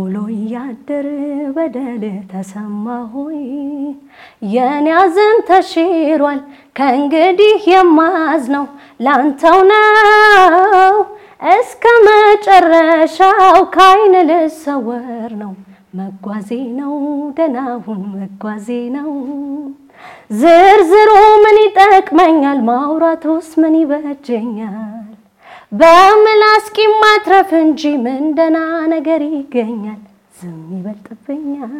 ውሎ እያደር በደል ተሰማ ሆይ የኔ ሐዘን ተሽሯል ከእንግዲህ ነው ላንተው ነው እስከ መጨረሻው ከአይን ልሰወር ነው መጓዜ ነው ደናሁን መጓዜ ነው ዝርዝሩ ምን ይጠቅመኛል ማውራቱስ ምን ይበጀኛል በምላስኪ ማትረፍ እንጂ ምንደና ነገር ይገኛል? ዝም ይበልጥብኛል።